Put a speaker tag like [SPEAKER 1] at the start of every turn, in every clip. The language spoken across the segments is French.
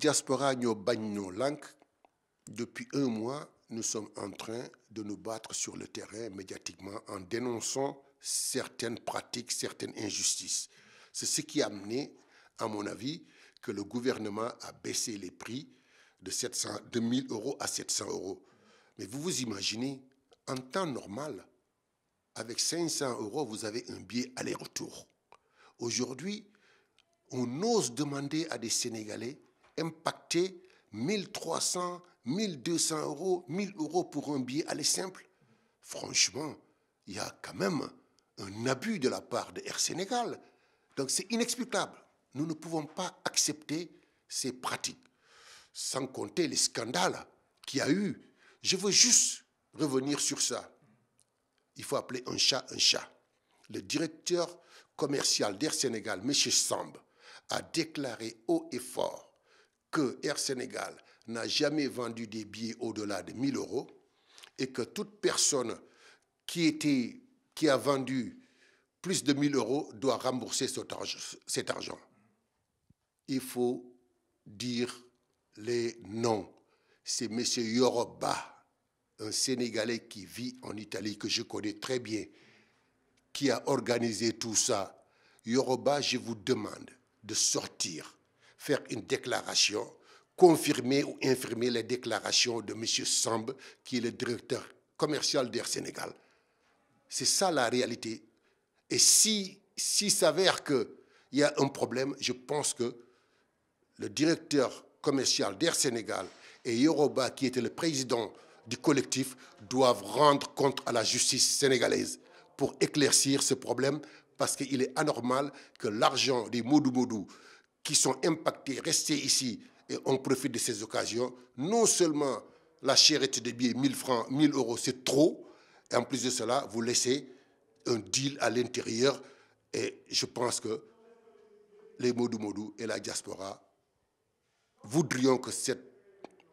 [SPEAKER 1] Diaspora Bagno Lank, depuis un mois, nous sommes en train de nous battre sur le terrain médiatiquement en dénonçant certaines pratiques, certaines injustices. C'est ce qui a amené, à mon avis, que le gouvernement a baissé les prix de, 700, de euros à 700 euros. Mais vous vous imaginez, en temps normal, avec 500 euros, vous avez un billet aller-retour. Aujourd'hui, on ose demander à des Sénégalais impacter 1300, 1200 euros, 1000 euros pour un billet aller simple. Franchement, il y a quand même un abus de la part de Air Sénégal. Donc c'est inexplicable. Nous ne pouvons pas accepter ces pratiques. Sans compter les scandales qu'il y a eu. Je veux juste revenir sur ça il faut appeler un chat un chat. Le directeur commercial d'Air Sénégal, M. Samb, a déclaré haut et fort que Air Sénégal n'a jamais vendu des billets au-delà de 1000 euros et que toute personne qui, qui a vendu plus de 1000 euros doit rembourser cet argent. Il faut dire les noms. C'est M. Yoroba, un Sénégalais qui vit en Italie, que je connais très bien, qui a organisé tout ça. Yoruba, je vous demande de sortir, faire une déclaration, confirmer ou infirmer les déclarations de M. Samb, qui est le directeur commercial d'Air Sénégal. C'est ça la réalité. Et si s'il s'avère qu'il y a un problème, je pense que le directeur commercial d'Air Sénégal et Yoruba, qui était le président du collectif doivent rendre compte à la justice sénégalaise pour éclaircir ce problème parce qu'il est anormal que l'argent des modoumodou qui sont impactés, restent ici et on profite de ces occasions, non seulement la chérette des billets 1000 francs, 1000 euros, c'est trop, et en plus de cela, vous laissez un deal à l'intérieur et je pense que les modoumodou et la diaspora voudrions que cette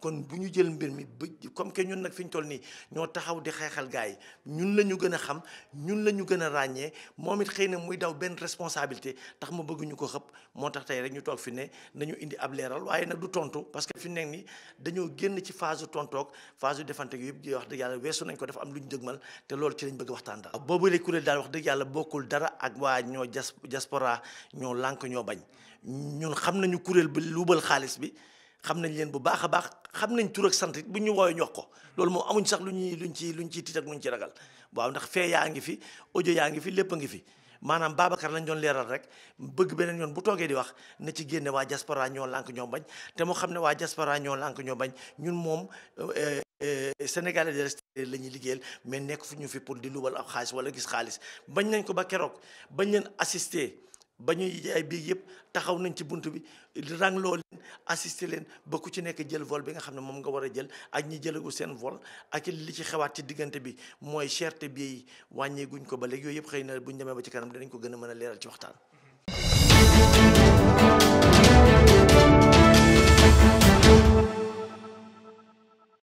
[SPEAKER 2] kon bu ñu jël mbir mi ba comme que ñun nag fi ñu toll nii ñoo taxaw di xeexal gars yi ñun la ñu gën a xam ñun la ñu gën a ràññee moom it xëy na muy daw benn responsabilité tax ma bëgguñu ko xëpp moo tax tey rek ñu toog fi ne nañu indi ab leeral waaye nag du tontu parce que fi nekk nii dañoo génn ci phase u tontoog phase yu defante yëpp di wax dëgg yàlla weesu nañ ko dafa am lu ñu dëgmal te loolu ci lañ bëgg waxtaan daal boobu lay kuréel daal wax dëgg yàlla bokkul dara ak waa ñoo diaspora ñoo lànk ñoo bañ ñun xam nañu kuréel ba luubal xaalis bi xam nañ leen bu baax a baax xam nañ tur sant bu ñu woowee ñox ko loolu moom amuñ sax lu ñuy luñ ci luñ ciy tiit ak luñ ci ragal waaw ndax fee yaa ngi fi ojo yaa ngi fi lépp a ngi fi maanaam Babacar lañ doon leeral rek bëgg beneen yoon bu toogee di wax na ci génne waa diaspora ñoo lànk ñoo bañ te moo xam ne waa diaspora ñoo lànk ñoo bañ ñun moom eh, eh, sénégalais de l'extérieur la ñuy liggéeyal mais nekk fu ñu fi pour di luwal ab xaalis wala gis xaalis bañ nañ ko ba keroog bañ leen assister ba ñuy jaay bii yëpp taxaw nañ ci bunt bi rangloo leen assister leen ba ku ci nekk jël vol bi nga xam ne moom nga war a jël ak ñi jëlagu seen vol ak li ci xewaat ci diggante bi mooy cherté bii wàññeeguñ ko ba léegi yooyu yëpp xëy na buñ demee ba ci kanam danañ ko gën a mën a leeral ci waxtaan